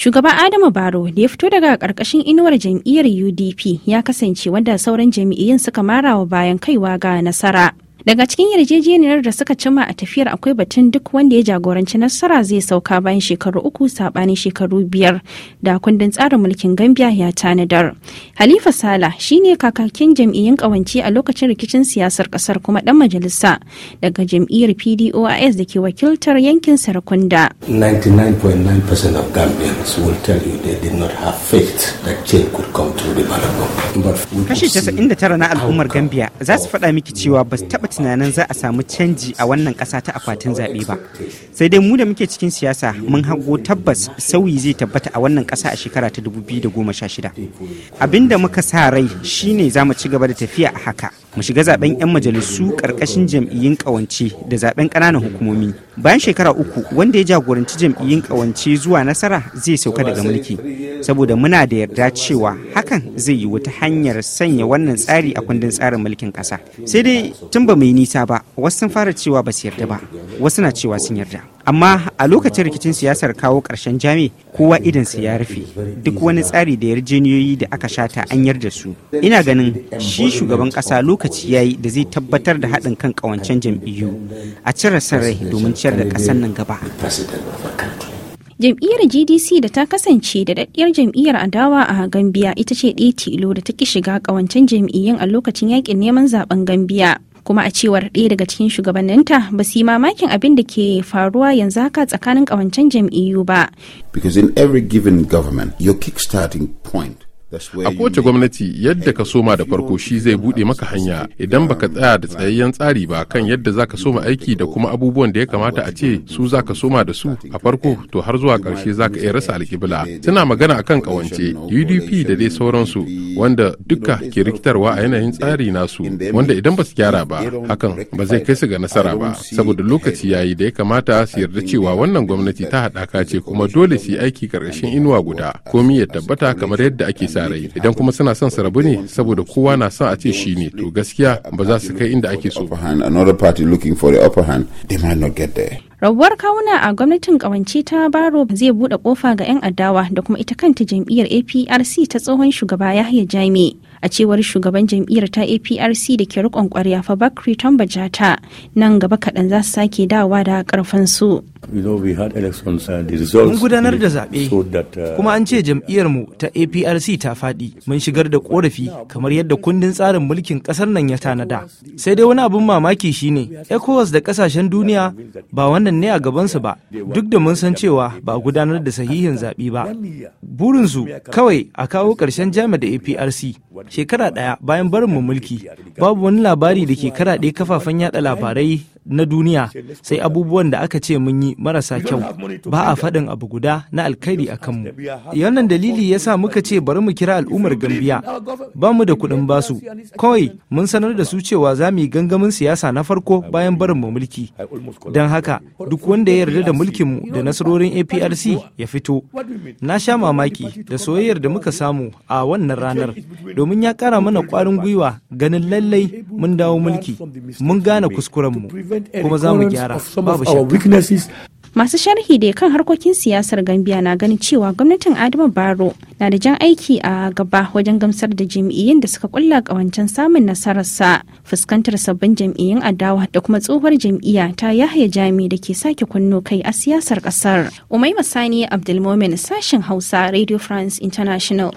Shugaba Adamu Baro da ya fito daga karkashin inuwar jam'iyyar UDP ya kasance wanda sauran jam'iyyun suka marawa bayan kaiwa ga nasara. daga cikin yarjejeniyar da suka cima a tafiyar akwai batun duk wanda ya jagoranci nasara zai sauka bayan shekaru uku sabanin shekaru biyar da kundin tsarin mulkin gambia ya tanadar halifa sala shi ne kakakin jam'iyyun kawance a lokacin rikicin siyasar kasar kuma dan majalisa daga jam'iyyar pdois da ke wakiltar yankin sarakunda 99.9% of gambians will tell kashi 99 na al'ummar gambia za su faɗa miki cewa ba su taɓa tunanin za a samu canji a wannan ƙasa ta akwatin zaɓe ba sai dai mu da muke cikin siyasa mun hango tabbas sauyi zai tabbata a wannan ƙasa a shekara ta da goma sha 2016 abinda muka sa rai shine za mu ci gaba da tafiya a haka mu shiga zaben 'yan majalisu ƙarƙashin jam'iyyun ƙawance da zaben ƙananan hukumomi bayan shekara uku wanda ya jagoranci jam'iyyun ƙawance zuwa nasara zai sauka daga mulki saboda muna da yarda cewa hakan zai yi wata hanyar sanya wannan tsari a kundin tsarin mulkin kasa sai dai tun ba mai nisa ba wasu sun fara cewa ba su yarda ba wasu na cewa sun yarda amma a lokacin rikicin siyasar kawo ƙarshen jami kowa idansa ya rufe duk wani tsari da yarjejeniyoyi da aka shata an yarda su ina ganin shi shugaban ƙasa lokaci ya yi da zai tabbatar da haɗin kan ƙawancen jam'iyyu a cire sarrai domin ciyar da ƙasar nan gaba jam'iyyar gdc da ta kasance da daɗiyar jam'iyyar adawa a gambiya ita ce ɗaya tilo da ta ki shiga ƙawancen jam'iyyun a lokacin yakin neman zaben gambiya kuma a cewar ɗaya daga cikin shugabanninta ba su yi mamakin abin da ke faruwa yanzu haka tsakanin ƙawancen jam'iyyu ba. Because in every given government, your starting point a kowace gwamnati yadda ka soma da farko shi zai bude maka hanya idan baka tsaya da tsayayyen tsari ba kan yadda zaka soma aiki da kuma abubuwan da ya kamata a ce su zaka soma da su a farko to har zuwa karshe zaka iya rasa alkibla suna magana akan kawance udp da dai sauransu wanda duka ke rikitarwa a yanayin tsari nasu wanda idan ba su gyara ba hakan ba zai kai su ga nasara ba saboda lokaci yayi da ya kamata su yarda cewa wannan gwamnati ta haɗaka ce kuma dole su yi aiki ƙarƙashin inuwa guda komi ya tabbata kamar yadda ake sa tarai idan kuma suna son su rabu ne saboda kowa na son a ce shi ne to gaskiya ba za su kai inda ake so rabuwar kawuna a gwamnatin kawance ta baro zai bude kofa ga 'yan adawa da kuma ita kanta jam'iyyar aprc ta tsohon shugaba yahya jami a cewar shugaban jam'iyyar ta aprc da ke rikon kwarya fa bakri tambajata nan gaba kaɗan za su sake dawa da ƙarfansu. su Uh, mun gudanar da zaɓe, uh, kuma an ce mu ta APRC ta faɗi, mun shigar da ƙorafi kamar yadda kundin tsarin mulkin ƙasar nan ya tanada. Sai dai wani abin mamaki shine, ECOWAS da ƙasashen duniya ba wannan ne a gabansu ba, duk da mun san cewa ba gudanar da sahihin zaɓe ba. Burinsu kawai a kawo ƙarshen jami da APRC shekara ɗaya bayan barin mu mulki, babu wani labari da ke karaɗe kafafen yaɗa labarai na duniya sai abubuwan da aka ce mun yi marasa kyau ba a faɗin abu guda na alkhairi a kanmu wannan dalili ya sa muka ce bari mu kira al'ummar gambiya ba mu da kuɗin basu kawai mun sanar da su cewa za mu yi gangamin siyasa na farko bayan barin mu mulki don haka duk wanda ya yarda da mulkinmu da nasarorin aprc ya fito na sha mamaki da soyayyar da muka samu a wannan ranar domin ya kara mana ƙwarin gwiwa ganin lallai mun dawo mulki mun gane kuskurenmu masu sharhi da kan harkokin siyasar gambia na ganin cewa gwamnatin adama baro na da jan aiki a gaba wajen gamsar da jam'iyyun da suka kulla kawancen samun nasararsa fuskantar sabbin jam'iyyun adawa da kuma tsohuwar jam'iyya ta yahaya jami da ke sake kunno kai a siyasar kasar umaima sani abdulmomin sashen hausa radio france international